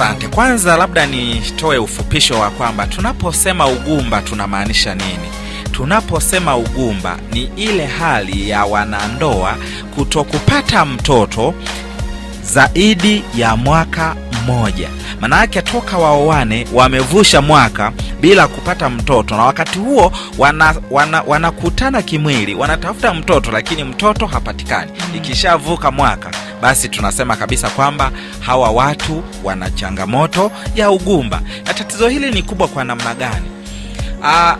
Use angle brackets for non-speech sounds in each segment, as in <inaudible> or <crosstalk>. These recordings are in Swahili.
Asante. Kwanza labda nitoe ufupisho wa kwamba tunaposema ugumba tunamaanisha nini? Tunaposema ugumba ni ile hali ya wanandoa kutokupata mtoto zaidi ya mwaka mmoja. Maana yake toka waoane wamevusha mwaka bila kupata mtoto, na wakati huo wanakutana wana, wana kimwili, wanatafuta mtoto, lakini mtoto hapatikani. Ikishavuka mwaka basi tunasema kabisa kwamba hawa watu wana changamoto ya ugumba, na tatizo hili ni kubwa kwa namna gani? Ah,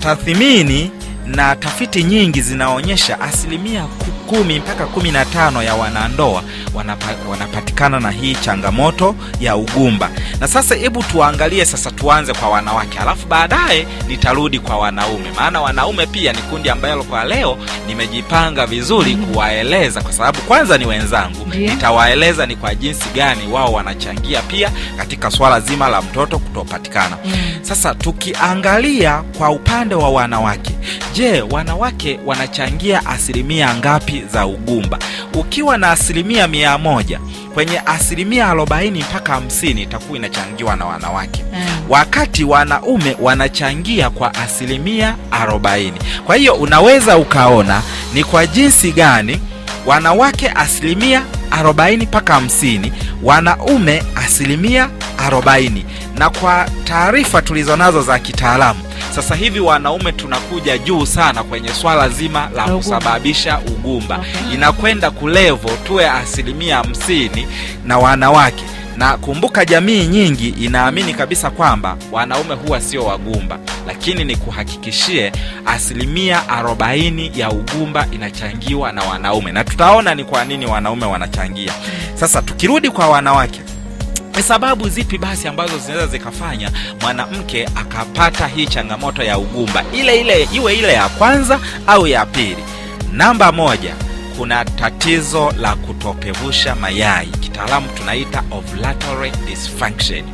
tathimini na tafiti nyingi zinaonyesha asilimia kumi mpaka kumi na tano ya wanandoa wanapa, wanapatikana na hii changamoto ya ugumba. Na sasa hebu tuangalie sasa, tuanze kwa wanawake, alafu baadaye nitarudi kwa wanaume, maana wanaume pia ni kundi ambalo kwa leo nimejipanga vizuri mm-hmm. kuwaeleza, kwa sababu kwanza ni wenzangu, nitawaeleza ni kwa jinsi gani wao wanachangia pia katika swala zima la mtoto kutopatikana. Mm. Sasa tukiangalia kwa upande wa wanawake Je, wanawake wanachangia asilimia ngapi za ugumba? Ukiwa na asilimia mia moja kwenye asilimia arobaini mpaka hamsini itakuwa inachangiwa na wanawake mm. Wakati wanaume wanachangia kwa asilimia arobaini. Kwa hiyo unaweza ukaona ni kwa jinsi gani wanawake asilimia arobaini mpaka hamsini, wanaume asilimia arobaini, na kwa taarifa tulizonazo za kitaalamu sasa hivi wanaume tunakuja juu sana kwenye swala zima la kusababisha ugumba, inakwenda kulevo tuwe asilimia hamsini na wanawake na kumbuka, jamii nyingi inaamini kabisa kwamba wanaume huwa sio wagumba, lakini ni kuhakikishie asilimia 40 ya ugumba inachangiwa na wanaume, na tutaona ni kwa nini wanaume wanachangia. Hmm. Sasa tukirudi kwa wanawake ni sababu zipi basi ambazo zinaweza zikafanya mwanamke akapata hii changamoto ya ugumba ile ile, iwe ile ya kwanza au ya pili? Namba moja, kuna tatizo la kutopevusha mayai, kitaalamu tunaita ovulatory dysfunction.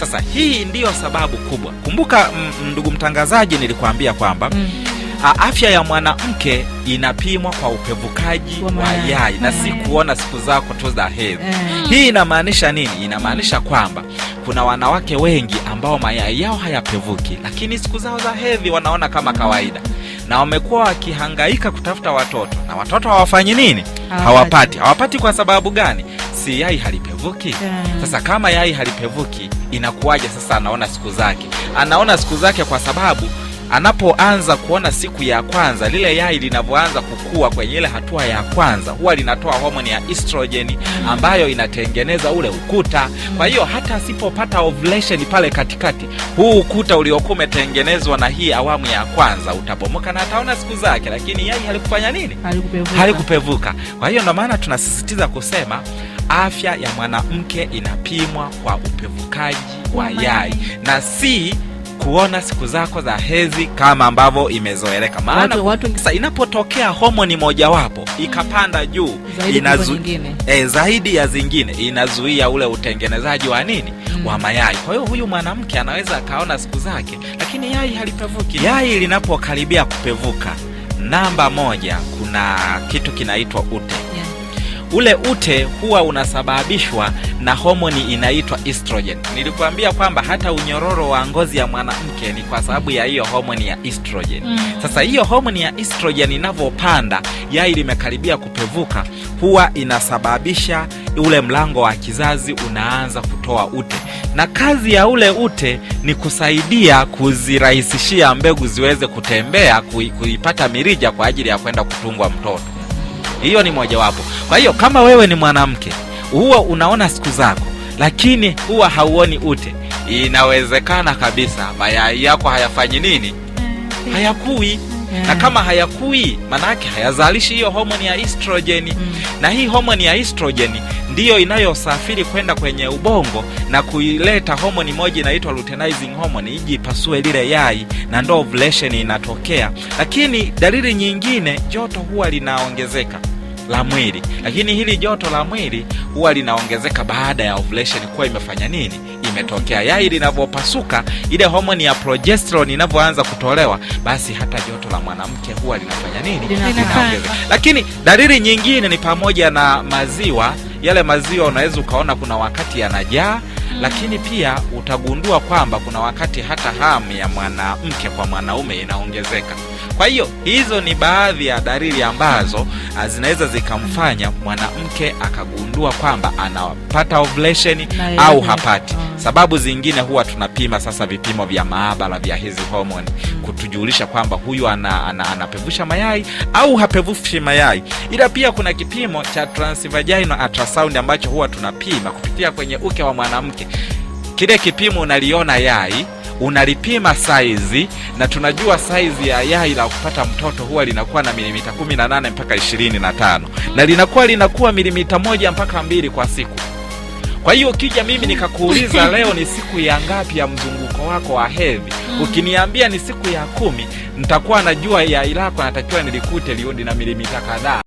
Sasa hii ndiyo sababu kubwa. Kumbuka ndugu mtangazaji, nilikuambia kwamba mm. Ah, afya ya mwanamke inapimwa kwa upevukaji wa, yai na si kuona siku zako tu za hedhi. Eh. Hii inamaanisha nini? Inamaanisha kwamba kuna wanawake wengi ambao mayai yao hayapevuki, lakini siku zao za hedhi wanaona kama kawaida, na wamekuwa wakihangaika kutafuta watoto na watoto hawafanyi nini? Hawapati. Hawapati kwa sababu gani? Si yai halipevuki? Eh. Sasa kama yai halipevuki, inakuwaje? Sasa anaona siku zake, anaona siku zake kwa sababu anapoanza kuona siku ya kwanza lile yai linavyoanza kukua kwenye ile hatua ya kwanza, huwa linatoa homoni ya estrogen ambayo inatengeneza ule ukuta. Kwa hiyo hata asipopata ovulation pale katikati, huu ukuta uliokuwa umetengenezwa na hii awamu ya kwanza utabomoka na ataona siku zake, lakini yai halikufanya nini? Halikupevuka, Kwa hiyo ndio maana tunasisitiza kusema afya ya mwanamke inapimwa kwa upevukaji wa yai na si kuona siku zako za hezi kama ambavyo imezoeleka. Maana inapotokea homoni mojawapo ikapanda juu zaidi, inazu, e, zaidi ya zingine inazuia ule utengenezaji wa nini mm, wa mayai. Kwa hiyo huyu mwanamke anaweza akaona siku zake, lakini yai halipevuki. Yai linapokaribia kupevuka, namba moja, kuna kitu kinaitwa ute yeah. Ule ute huwa unasababishwa na homoni inaitwa estrogen. Nilikuambia kwamba hata unyororo wa ngozi ya mwanamke ni kwa sababu ya hiyo homoni ya estrogen. Mm. Sasa hiyo homoni ya estrogen inavyopanda, yai limekaribia kupevuka, huwa inasababisha ule mlango wa kizazi unaanza kutoa ute, na kazi ya ule ute ni kusaidia kuzirahisishia mbegu ziweze kutembea, kuipata mirija kwa ajili ya kwenda kutungwa mtoto. Hiyo ni mojawapo. Kwa hiyo kama wewe ni mwanamke, huwa unaona siku zako, lakini huwa hauoni ute, inawezekana kabisa mayai yako hayafanyi nini, mm. hayakui na mm. kama hayakui, manake hayazalishi hiyo homoni ya estrojeni mm. Na hii homoni ya estrojeni ndiyo inayosafiri kwenda kwenye ubongo na kuileta homoni moja inaitwa luteinizing hormone iji ipasue lile yai, na ndo ovulation inatokea. Lakini dalili nyingine, joto huwa linaongezeka la mwili, lakini hili joto la mwili huwa linaongezeka baada ya ovulation kuwa imefanya nini, imetokea. Yai linavyopasuka, ile homoni ya progesterone inavyoanza kutolewa, basi hata joto la mwanamke huwa linafanya nini, linaongezeka. Lakini dalili nyingine ni pamoja na maziwa yale maziwa unaweza ukaona kuna wakati yanajaa, lakini pia utagundua kwamba kuna wakati hata hamu ya mwanamke kwa mwanaume inaongezeka. Kwa hiyo hizo ni baadhi ya dalili ambazo ah, zinaweza zikamfanya mwanamke akagundua kwamba anapata ovulation au hapati. Ah. Sababu zingine huwa tunapima sasa vipimo vya maabara vya hizi homoni kutujulisha kwamba huyu ana, ana, anapevusha mayai au hapevushi mayai, ila pia kuna kipimo cha transvaginal ultrasound ambacho huwa tunapima kupitia kwenye uke wa mwanamke. Kile kipimo unaliona yai unalipima saizi, na tunajua saizi ya yai la kupata mtoto huwa linakuwa na milimita 18 mpaka 25 na na linakuwa linakuwa milimita moja mpaka mbili kwa siku. Kwa hiyo kija mimi nikakuuliza <laughs> leo ni siku ya ngapi ya mzunguko wako wa hedhi, mm. ukiniambia ni siku ya kumi, nitakuwa najua yai lako natakiwa nilikute liudi na milimita kadhaa.